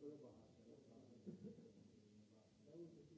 That was the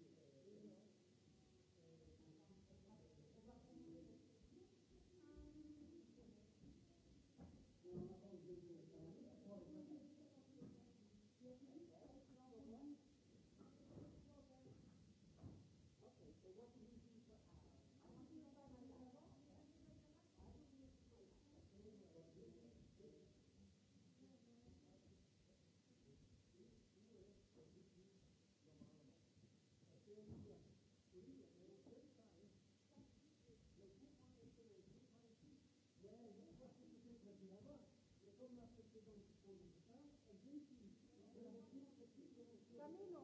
Camilo.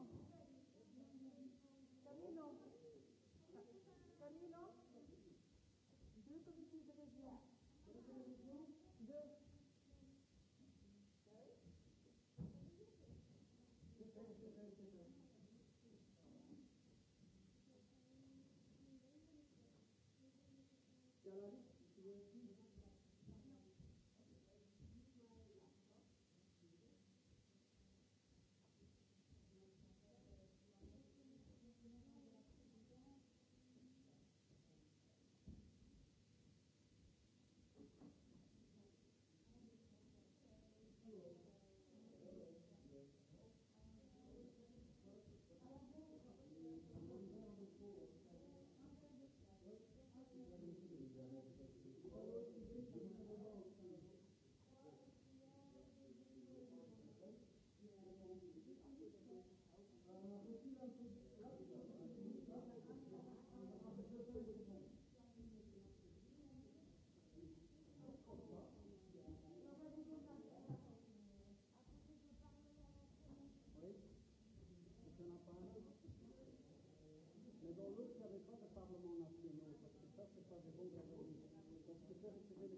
Parlement nationaux, parce que ça, c'est pas des bons gars. Donc, ce que faire, c'est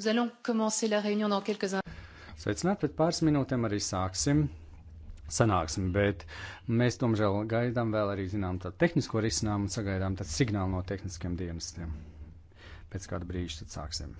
Nous allons commencer la réunion dans quelques Sveicināt, pēc pāris minūtēm arī sāksim sanāksmi, bet mēs, domžēl, gaidām vēl arī, zinām, tādu tehnisko risinājumu un sagaidām tādu signālu no tehniskiem dienestiem. Pēc kāda brīža tad sāksim.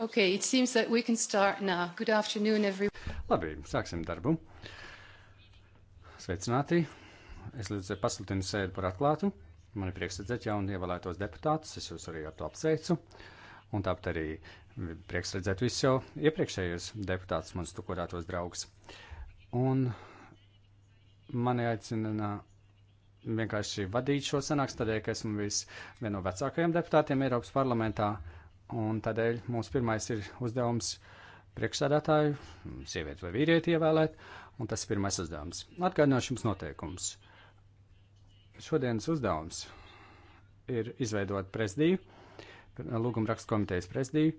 Okay, it seems that we can start now. Good afternoon, everyone. Labi, sāksim darbu. Sveicināti. Es līdz pasludinu sēdi par atklātu. Man ir prieks redzēt jaunu ievēlētos deputātus. Es jūs arī ar to apsveicu. Un tāpat arī prieks redzēt visus jau iepriekšējos deputātus, manus tukurētos draugus. Un mani aicina vienkārši vadīt šo sanāksmu, tādēļ, ka esmu viens no vecākajiem deputātiem Eiropas parlamentā. Uh, Un tādēļ mūsu pirmais ir uzdevums priekšsādātāju, sievieti vai vīrieti ievēlēt, un tas ir pirmais uzdevums. Atgādināšu jums noteikums. Šodienas uzdevums ir izveidot prezidiju, lūgumrakstu komitejas prezidiju,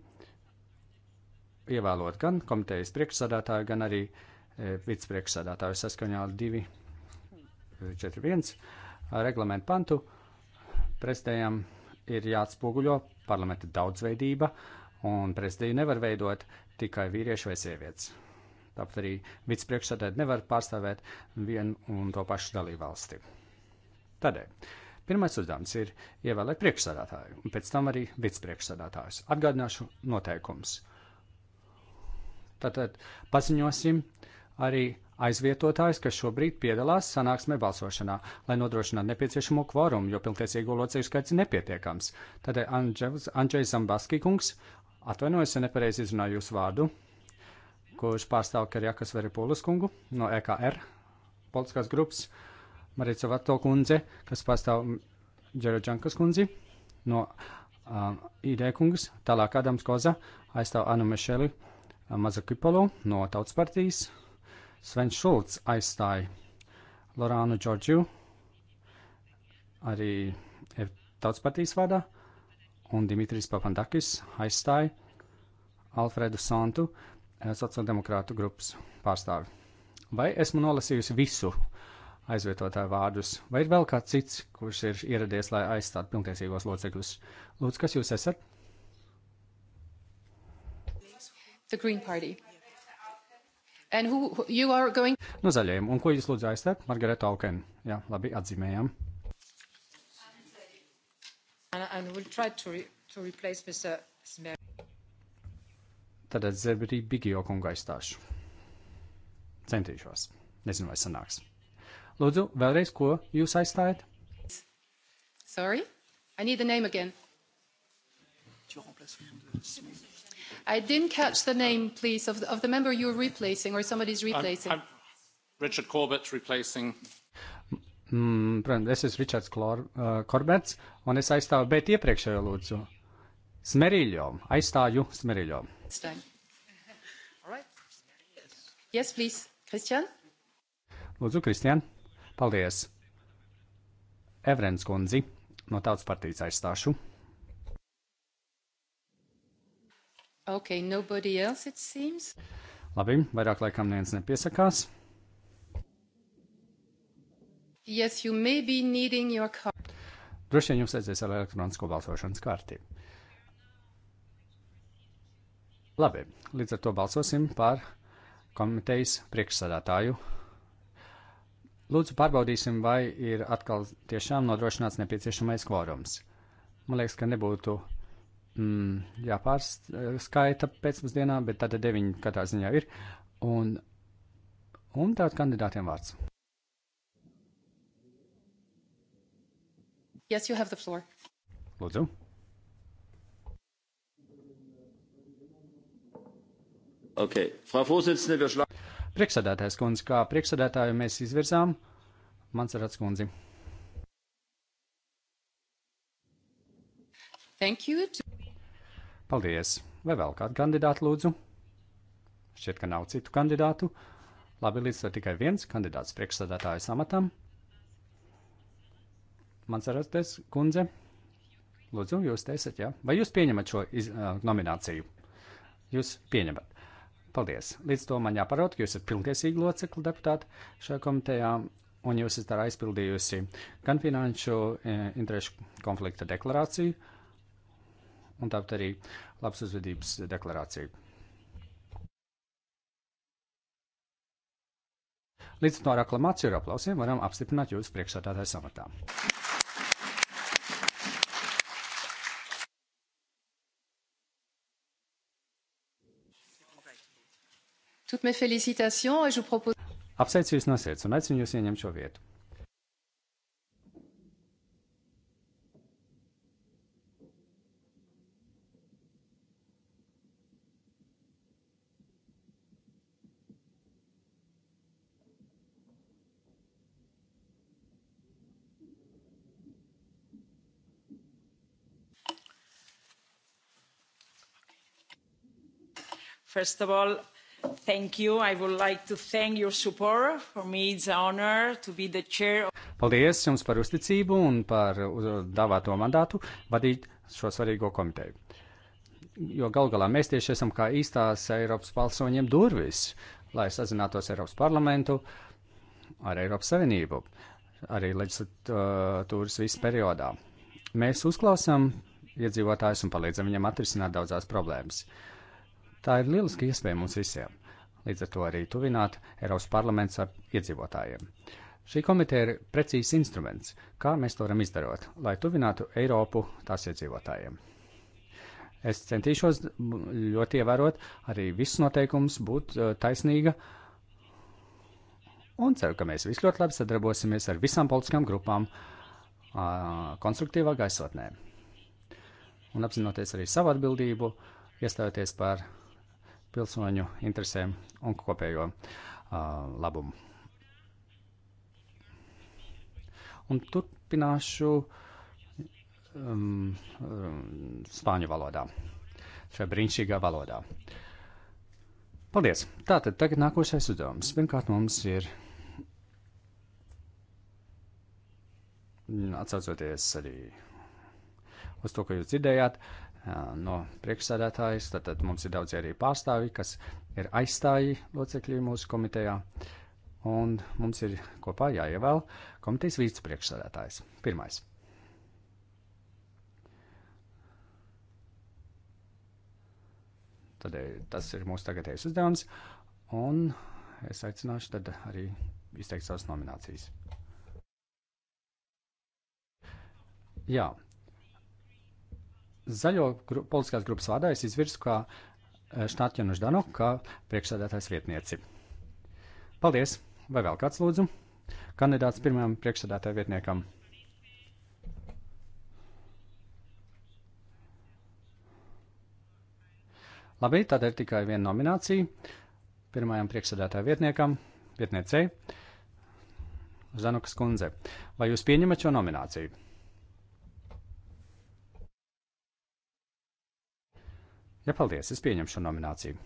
ievēlot gan komitejas priekšsādātāju, gan arī e, vicepriekšsādātāju saskaņā ar 241 e, reglamentu pantu prezidējām ir jāatspoguļo parlamenta daudzveidība, un prezidiju nevar veidot tikai vīrieši vai sievietes. Tāpat arī vicepriekšsēdētāji nevar pārstāvēt vienu un to pašu dalībvalsti. Tādēļ pirmais uzdevums ir ievēlēt priekšsēdētāju, un pēc tam arī vicepriekšsēdētājus. Atgādināšu noteikumus. Tātad paziņosim arī aizvietotājs, kas šobrīd piedalās sanāksmē balsošanā, lai nodrošinātu nepieciešamo kvorumu, jo pilntiesīgo locekļu skaits ir nepietiekams. Tādēļ Andrzejs Zambaski kungs, atvainojos, ja nepareizi izrunāju jūsu vārdu, kurš pārstāv Karjakas Veripulas kungu no EKR politiskās grupas, Marīca Vato kundze, kas pārstāv Džerodžankas kundzi no um, ID kungas, tālāk Adams Koza aizstāv Anu Mešeli Mazakipolo no Tautas partijas Svens Šulcs aizstāja Lorānu Džordžu, arī Tautas partijas vārdā, un Dimitris Papandakis aizstāja Alfredu Santu, eh, sociāldemokrātu grupas pārstāvi. Vai esmu nolasījusi visu aizvietotāju vārdus, vai ir vēl kāds cits, kurš ir ieradies, lai aizstātu pilntiesīgos locekļus? Lūdzu, kas jūs esat? The Green Party. Who, going... No nu, zaļajiem. Un ko jūs lūdzu aizstāt? Margareta Auken. Jā, labi, atzīmējām. We'll Tad Zebrī Bigio kungu aizstāšu. Centīšos. Nezinu, vai sanāks. Lūdzu, vēlreiz, ko jūs aizstājat? Sorry, I need the name again. Tu remplaces Simon. I didn't catch the name, please, of the, of the member you're replacing or somebody's replacing. I'm, I'm Richard Corbett's replacing. Mm, protams, es esmu Ričards Klor, uh, Korbets, un es aizstāvu, bet iepriekšējo lūdzu. Smeriļo, aizstāju Smeriļo. Yes, please, Kristian. Lūdzu, Kristian. Paldies. Evrens kundzi no Tautas partijas aizstāšu. Okay, nobody else, it seems. Labi, vairāk laikam neviens nepiesakās. Yes, you may be needing your card. Droši vien jums aizies ar elektronisko balsošanas kārti. Labi, līdz ar to balsosim par komitejas priekšsādātāju. Lūdzu, pārbaudīsim, vai ir atkal tiešām nodrošināts nepieciešamais kvorums. Man liekas, ka nebūtu mm, jāpārskaita eh, pēcpusdienā, bet tāda deviņi katrā ziņā ir. Un, un tātad kandidātiem vārds. Yes, you have the floor. Lūdzu. Okay. Frau Vorsitzende, wir schlagen. Priekšsēdētājs kundze, kā priekšsēdētāju mēs izvirzām Mancerats kundzi. Thank you. Paldies! Vai vēl kādu kandidātu lūdzu? Šķiet, ka nav citu kandidātu. Labi, līdz ar tikai viens kandidāts priekšsādātāju samatam. Mansarastes kundze, lūdzu, jūs teicat, jā? Ja? Vai jūs pieņemat šo iz, uh, nomināciju? Jūs pieņemat. Paldies! Līdz to man jāparot, ka jūs esat pilntiesīgi locekli deputāti šajā komitejā, un jūs esat aizpildījusi gan finanšu e, interešu konflikta deklarāciju, un tāpat arī labs uzvedības deklarāciju. Līdz ar to ar aklamāciju un aplausiem varam apstiprināt jūs priekšsādātāju samatā. Toutes mes félicitations et je vous propose. Apsveicu jūs no sirds un aicinu jūs ieņemt šo vietu. first of all thank you i would like to thank your support for me it's an honor to be the chair of... Paldies jums par uzticību un par dāvāto mandātu vadīt šo svarīgo komiteju. Jo gal galā mēs tieši esam kā īstās Eiropas balsoņiem durvis, lai sazinātos Eiropas parlamentu ar Eiropas Savienību, arī leģislatūras visu periodā. Mēs uzklausām iedzīvotājus un palīdzam viņam atrisināt daudzās problēmas. Uh, Tā ir lieliska iespēja mums visiem. Līdz ar to arī tuvināt Eiropas parlaments ar iedzīvotājiem. Šī komiteja ir precīzs instruments, kā mēs to varam izdarot, lai tuvinātu Eiropu tās iedzīvotājiem. Es centīšos ļoti ievērot arī visus noteikumus, būt eh, taisnīga un ceru, ka mēs visi ļoti labi sadarbosimies ar visām politiskām grupām konstruktīvā gaisotnē. Un apzinoties arī savu atbildību, iestājoties par pilsoņu interesēm un kopējo uh, labumu. Un turpināšu um, um, spāņu valodā, šajā brīnišķīgā valodā. Paldies! Tātad tagad nākošais uzdevums. Pirmkārt mums ir atsaucoties arī uz to, ko jūs dzirdējāt, uh, no priekšsēdētājas, tad, tad mums ir daudz arī pārstāvi, kas ir aizstāji locekļi mūsu komitejā, un mums ir kopā jāievēl komitejas vicepriekšsēdētājs. Pirmais. Tad tas ir mūsu tagadējais uzdevums, un es aicināšu tad arī izteikt savas nominācijas. Jā, Zaļo gru, politiskās grupas vārdā es izvirsu kā eh, Štātjanu Ždanu, kā priekšsēdētājs vietnieci. Paldies! Vai vēl kāds lūdzu? Kandidāts pirmajam priekšsēdētāja vietniekam. Labi, tad ir tikai viena nominācija pirmajam priekšsēdētāja vietniekam, vietniecei, Zanukas kundze. Vai jūs pieņemat šo nomināciju? Jā, paldies, es pieņemšu šo nomināciju.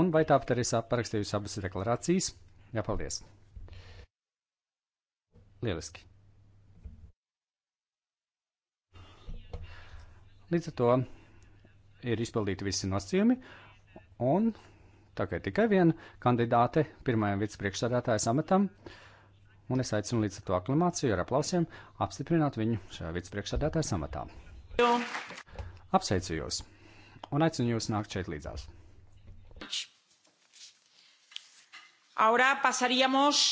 Un vai tāpat arī esat parakstījusi abas deklarācijas? Jā, paldies. Lieliski. Līdz ar to ir izpildīti visi nosacījumi, un tagad tikai viena kandidāte pirmajam vicepriekšsādātājas amatam, un es aicinu līdz ar to aklimāciju ar aplausiem apstiprināt viņu šajā vicepriekšsādātājas amatā. Apsveicu jūs un aicinu jūs nākt šeit līdzās. Ahora pasaríamos.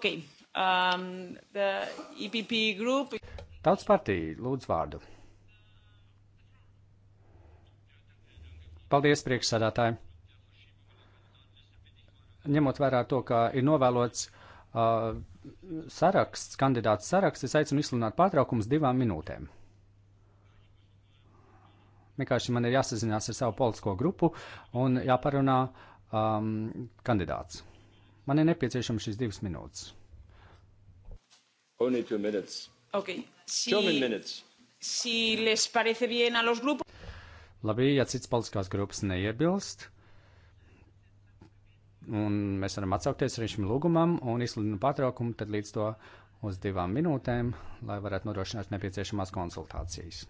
Ok. Um, the EPP group. Tautas partija, lūdzu vārdu. Paldies, priekšsādātāji. Ņemot vērā to, ka ir novēlots uh, saraksts, kandidāts saraksts, es aicinu izsludināt pārtraukumus divām minūtēm. Vienkārši man ir jāsazinās ar savu politisko grupu un jāparunā um, kandidāts. Man ir nepieciešams šīs divas minūtes. Only two minutes. Okay. Si, two minutes. Si les parece bien a los grupos. Labi, ja cits politiskās grupas neiebilst, Un mēs varam atsaukties arī šim lūgumam un izsludinu pārtraukumu tad līdz to uz divām minūtēm, lai varētu nodrošināt nepieciešamās konsultācijas.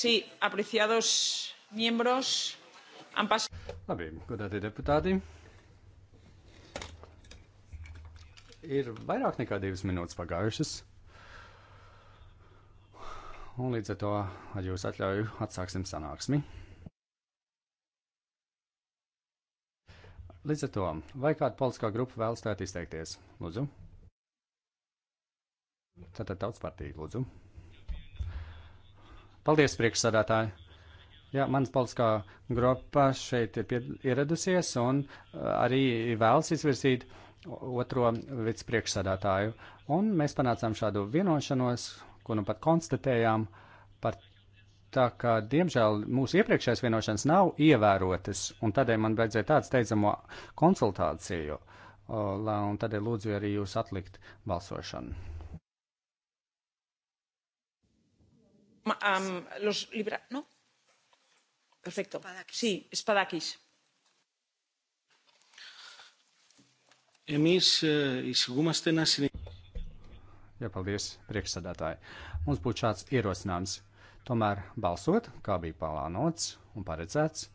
Sí, apreciados miembros, han pasado. Labi, godātie deputāti. Ir vairāk nekā divas minūtes pagājušas. Un līdz ar to, ar jūsu atļauju, atsāksim sanāksmi. Līdz ar to, vai kāda politiskā grupa vēlas tēt izteikties? Lūdzu. Tātad tautas partija, lūdzu. Paldies, priekšsādātāji! Jā, mans politiskā grupa šeit ir ieradusies un uh, arī vēlas izvirzīt otro vicepriekšsādātāju. Un mēs panācām šādu vienošanos, ko nu pat konstatējām, par tā, ka diemžēl mūsu iepriekšējās vienošanas nav ievērotas, un tādēļ man vajadzēja tādu steidzamo konsultāciju, uh, un tādēļ lūdzu arī jūs atlikt balsošanu. Um, los libra... ¿No? Perfecto. Sí, Spadakis. Εμείς εισηγούμαστε να συνεχίσουμε. Jā, paldies, priekšsēdētāji. Mums būtu šāds ierosinājums. Tomēr balsot, kā bija plānots un paredzēts,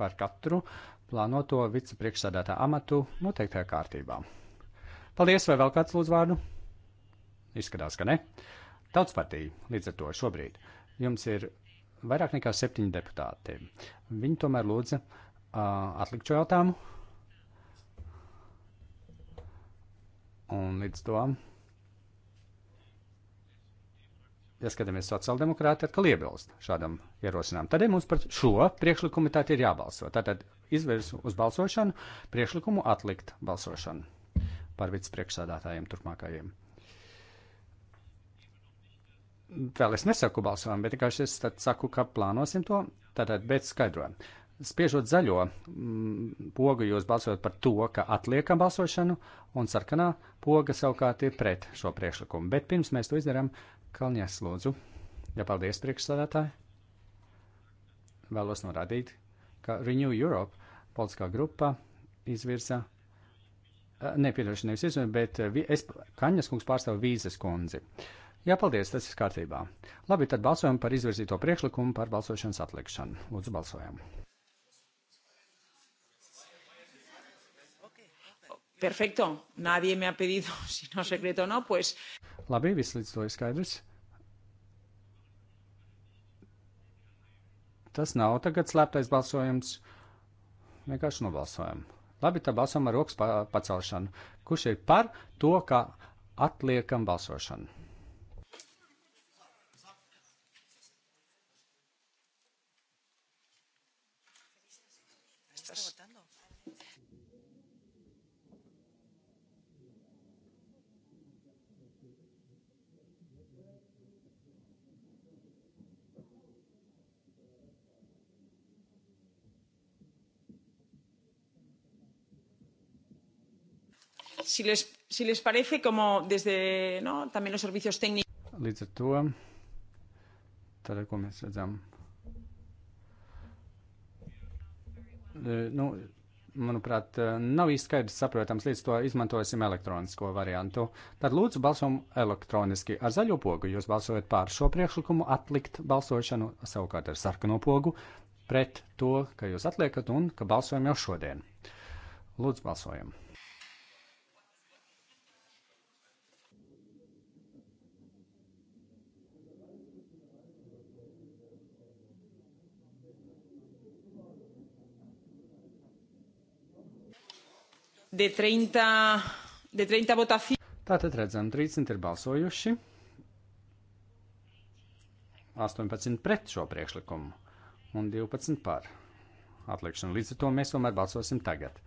par katru plānoto vicepriekšsēdētā amatu noteiktajā kārtībā. Paldies, vai vēl kāds lūdz vārdu? Izskatās, ka ne. Uh, Tautspartija līdz ar to šobrīd jums ir vairāk nekā septiņi deputāti. Viņi tomēr lūdza uh, atlikt šo jautājumu. Un līdz to, ja skatāmies sociāldemokrāti, atkal iebilst šādam ierosinājumam. Tad ja mums par šo priekšlikumu tā ir jābalso. Tātad izvirsu uz balsošanu priekšlikumu atlikt balsošanu par vicepriekšsādātājiem turpmākajiem vēl es nesaku balsojumu, bet vienkārši es saku, ka plānosim to, tātad bez skaidrojuma. Spiežot zaļo mm, pogu, jūs balsojat par to, ka atliekam balsošanu, un sarkanā poga savukārt ir pret šo priekšlikumu. Bet pirms mēs to izdarām, Kalnies lūdzu. Jā, ja paldies priekšsādātāji. Vēlos norādīt, ka Renew Europe politiskā grupa izvirza eh, nepiedošanības izvēle, bet eh, es, Kaņas kungs pārstāv vīzes kundzi. Uh, Jā, paldies, tas ir kārtībā. Labi, tad balsojam par izvirzīto priekšlikumu par balsošanas atlikšanu. Lūdzu, balsojam. Perfekto. Nadie me ha pedido si no secreto no, pues. Labi, viss līdz to ir skaidrs. Tas nav tagad slēptais balsojums. Vienkārši nobalsojam. Labi, tad balsojam ar rokas pacelšanu. Kurš ir par to, ka atliekam balsošanu? si les, si les parece, como desde no, también los servicios técnicos. Līdz ar to, tad, ko mēs redzam, eh, nu, manuprāt, eh, nav īsti skaidrs saprotams, līdz to izmantosim elektronisko variantu. Tad lūdzu balsojam elektroniski ar zaļo pogu. Jūs balsojat pār šo priekšlikumu, atlikt balsošanu savukārt ar sarkano pogu pret to, ka jūs atliekat un ka balsojam jau šodien. Lūdzu balsojam! de 30, de 30 votaciones. Tātad redzam, 30 ir balsojuši, 18 pret šo priekšlikumu un 12 par atlikšanu. Līdz ar to mēs tomēr balsosim tagad.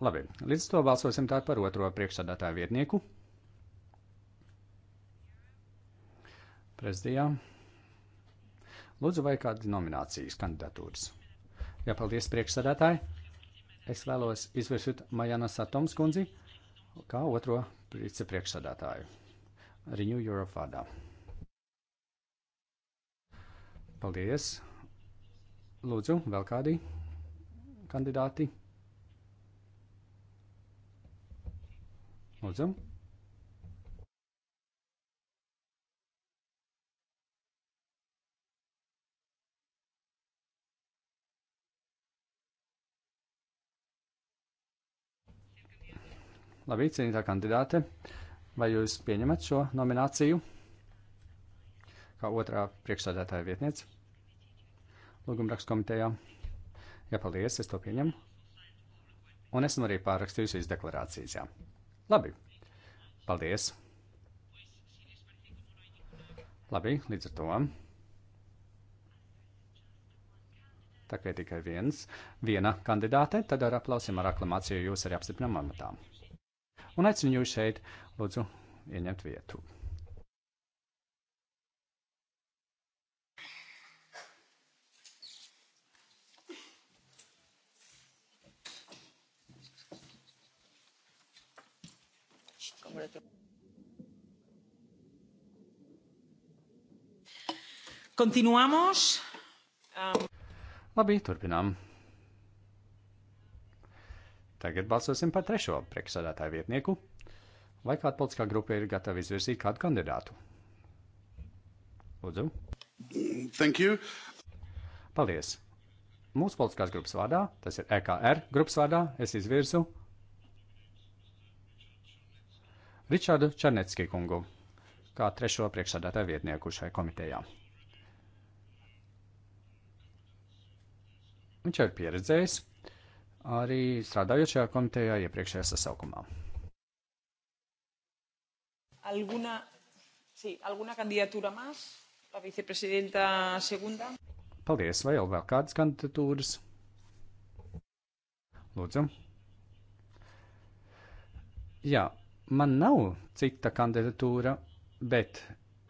Labi, līdz ar to balsosim tātad par otro priekšsādātāju vietnieku. Prezidijā. Lūdzu, vai kādi nominācijas kandidatūras? Jā, paldies priekšsādātāji es vēlos izvirsīt Majana Satoms kundzi kā otro vicepriekšsādātāju Renew Europe vārdā. Paldies! Lūdzu, vēl kādi kandidāti? Lūdzu! Labi, cienītā kandidāte, vai jūs pieņemat šo nomināciju kā otrā priekšsādātāja vietniece? Lūgumrakstu komitejā. Jā, paldies, es to pieņemu. Un esmu arī pārrakstījusies deklarācijas, jā. Labi, paldies. Labi, līdz ar to. Tā kā ir tikai viens, viena kandidāte, tad ar aplausiem, ar aklamāciju jūs arī apstiprinām amatām un aicinu jūs šeit, lūdzu, ieņemt vietu. Continuamos. Um... Labi, turpinām. Tagad balsosim par trešo priekšsādātāju vietnieku. Vai kāda politiskā grupa ir gatava izvirzīt kādu kandidātu? Lūdzu. Thank you. Paldies. Mūsu politiskās grupas vārdā, tas ir EKR grupas vārdā, es izvirzu Ričardu Černecki kungu kā trešo priekšsādātāju vietnieku šai komitejā. Viņš ir pieredzējis arī strādājot šajā komitejā iepriekšējā sasaukumā. Alguna, sí, alguna candidatura más? La viceprezidenta segunda. Paldies, vai vēl kādas kandidatūras? Lūdzu. Jā, man nav cita kandidatūra, bet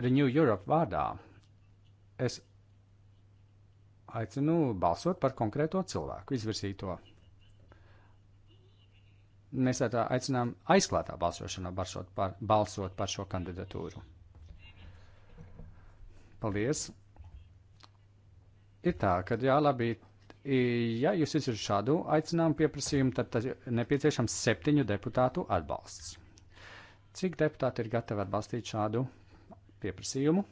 Renew Europe vārdā es aicinu balsot par konkrēto cilvēku izvirzīto mēs tā aicinām aizklātā balsošanā balsot par, balsot par šo kandidatūru. Paldies! Ir tā, ka jā, labi, ja jūs izsver šādu aicinājumu pieprasījumu, tad, tad nepieciešams septiņu deputātu atbalsts. Cik deputāti ir gatavi atbalstīt šādu pieprasījumu?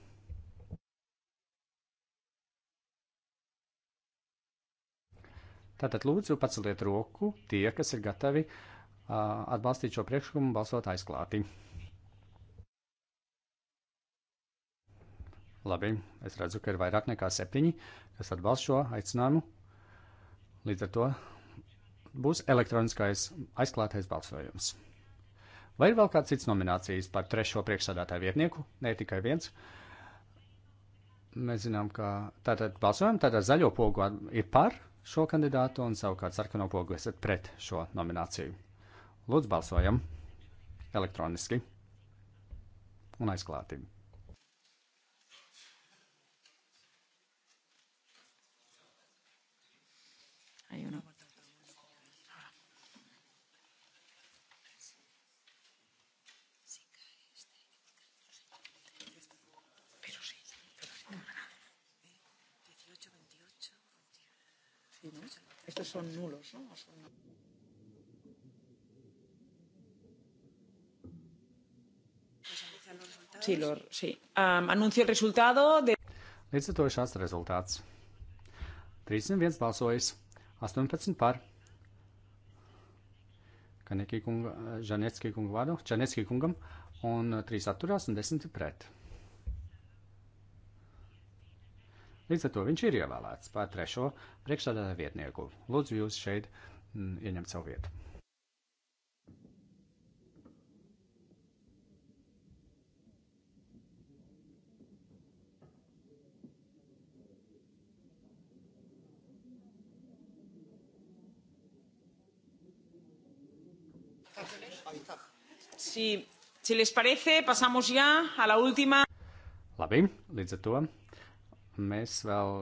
Tātad lūdzu paceliet roku tie, kas ir gatavi uh, atbalstīt šo priekšlikumu, balsot aizklāti. Labi, es redzu, ka ir vairāk nekā septiņi, kas atbalsta šo aicinājumu. Līdz ar to būs elektroniskais aizklātais balsojums. Vai ir vēl kāds cits nominācijas par trešo priekšsādātāju vietnieku? Nē, tikai viens. Mēs zinām, ka tātad balsojam, tātad zaļo pogu ir par šo kandidātu un savukārt sarkano pogu esat pret šo nomināciju. Lūdzu, balsojam elektroniski un aizklāti. Hay uno. Sí, ¿no? Estos son nulos, ¿no? Son... Sí, Lor, sí. Um, anuncio rezultātu. De... Līdz ar to ir šāds rezultāts. 31 balsojis, 18 par. Kanekī kunga, Žanetskī kunga vārdu, Čanetskī kungam, un 3 atturās un 10 pret. Līdz ar to viņš ir ievēlēts pār trešo priekšsādātāju vietnieku. Lūdzu jūs šeit mm, ieņemt savu vietu. Si, si les parece, pasamos ya a la última. Labi, līdz ar to mēs vēl,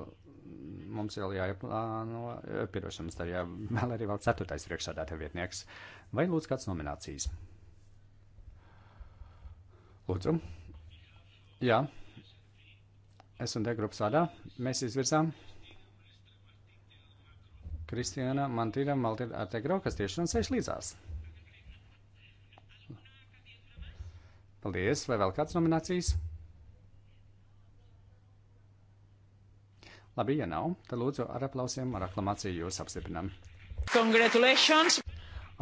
mums vēl jāieplāno, piedošam, mums tā jā, vēl arī vēl ceturtais priekšsādātā vietnieks. Vai lūdzu kāds nominācijas? Lūdzu. Jā. Es un D grupas vārdā mēs izvirzām Kristiāna Mantīra Maltīra Artegro, kas tieši un sēž līdzās. Paldies! Vai vēl kāds nominācijas? Labi, ja nav, tad lūdzu ar aplausiem, ar aklamāciju jūs apstiprinām. Congratulations!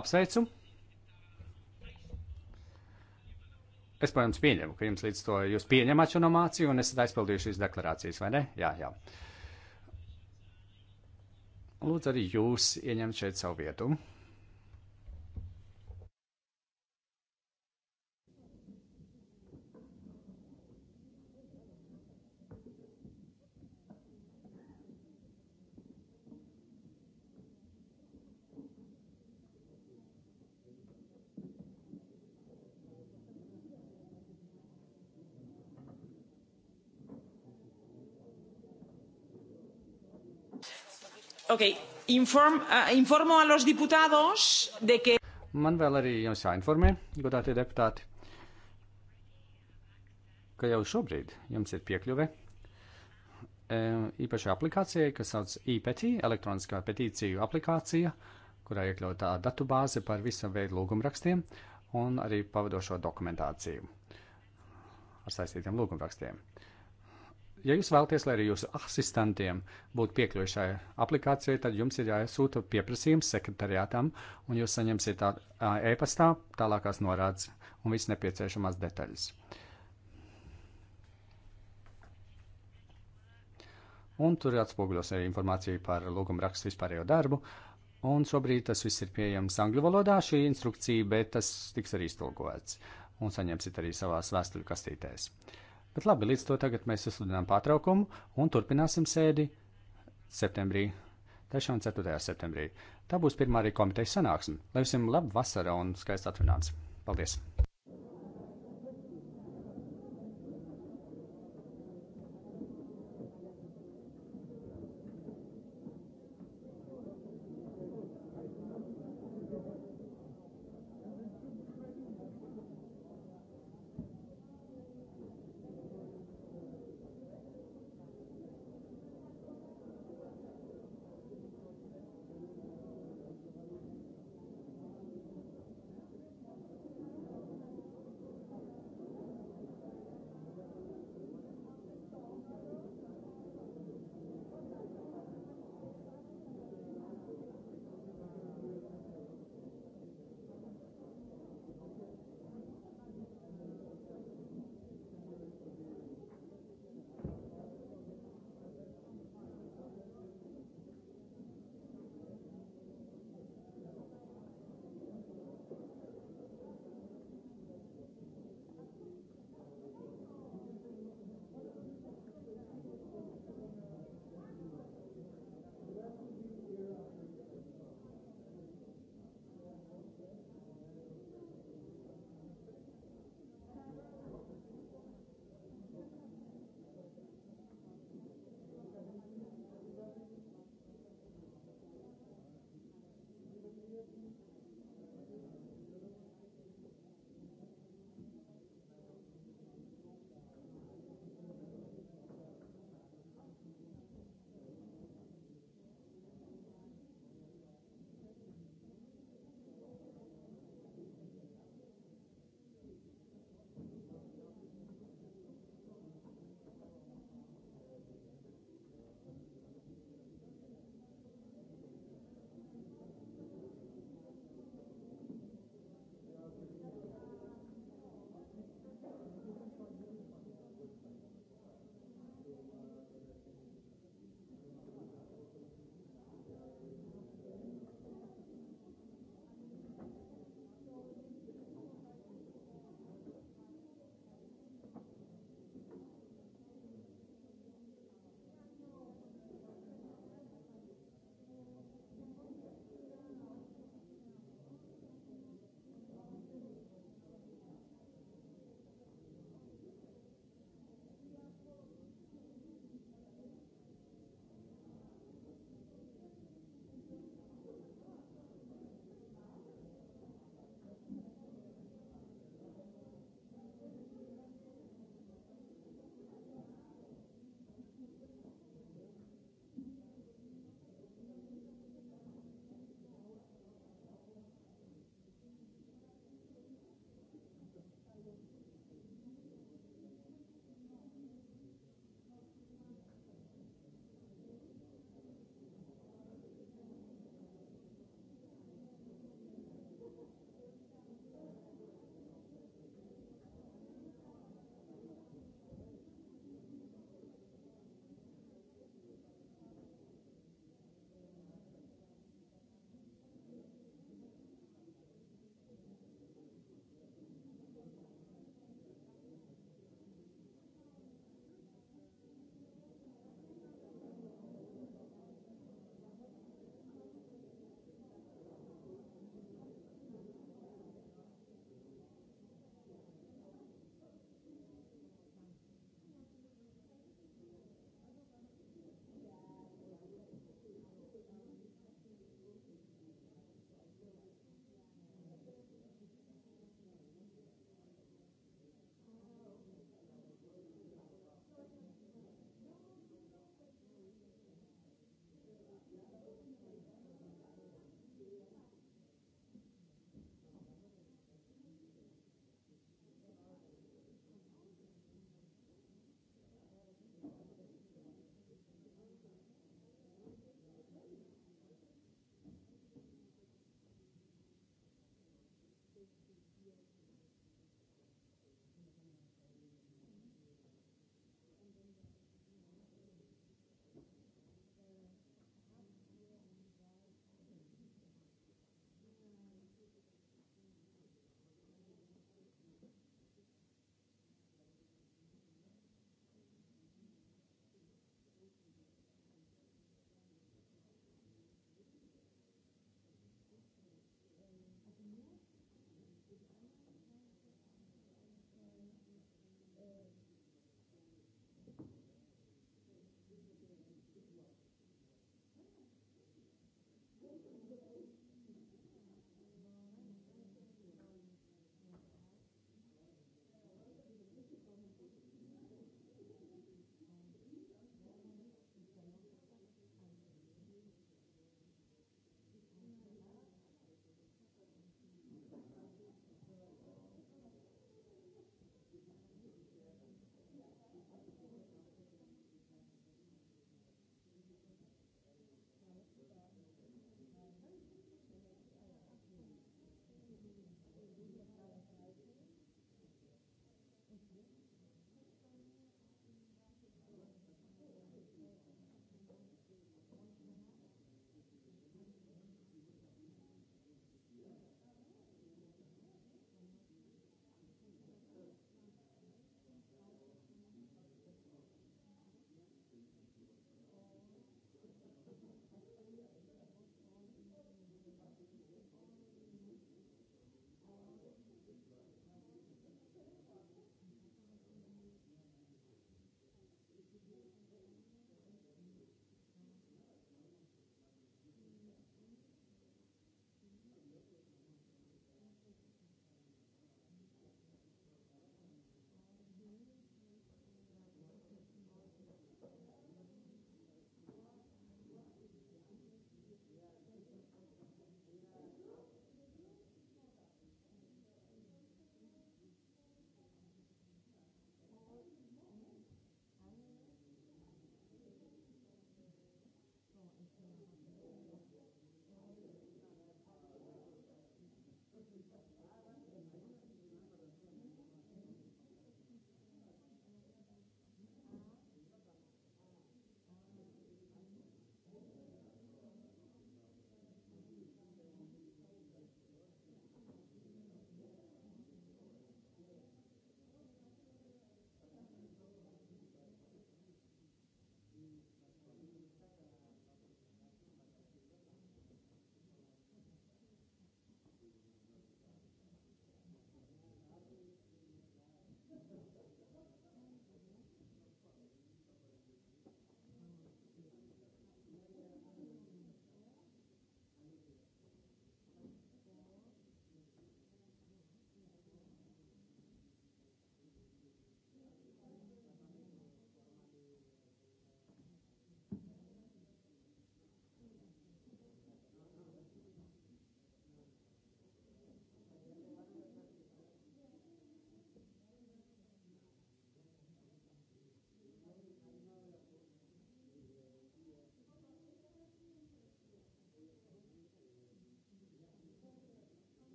Apsveicu! Es, protams, pieņemu, ka jums līdz to jūs pieņemat šo nomāciju un esat aizpildījuši šīs deklarācijas, vai ne? Jā, jā. Lūdzu, arī jūs ieņemt šeit savu vietu. Okay. Inform, uh, informo a los diputados de que. Man vēl arī jums jāinformē, godātie deputāti, ka jau šobrīd jums ir piekļuve eh, īpašai aplikācijai, kas sauc e-petī, elektroniskā petīciju aplikācija, kurā iekļautā datu bāze par visam veidu lūgumrakstiem un arī pavadošo dokumentāciju ar saistītiem lūgumrakstiem. Uh, ja jūs vēlaties, lai arī jūsu asistentiem būtu piekļuvi šai aplikācijai, tad jums ir jāsūta pieprasījums sekretariātam, un jūs saņemsiet tā, e-pastā tālākās norādes un visas nepieciešamās detaļas. Un tur atspoguļos arī informācija par lūguma rakstu vispārējo darbu. Un šobrīd tas viss ir pieejams angļu valodā, šī instrukcija, bet tas tiks arī iztulkots un saņemsiet arī savās vēstuļu kastītēs. Uh, Bet labi, līdz to tagad mēs izsludinām pārtraukumu un turpināsim sēdi septembrī, 3. un 4. septembrī. Tā būs pirmā arī komitejas sanāksme. Lai visiem laba vasara un skaists atvināts. Paldies!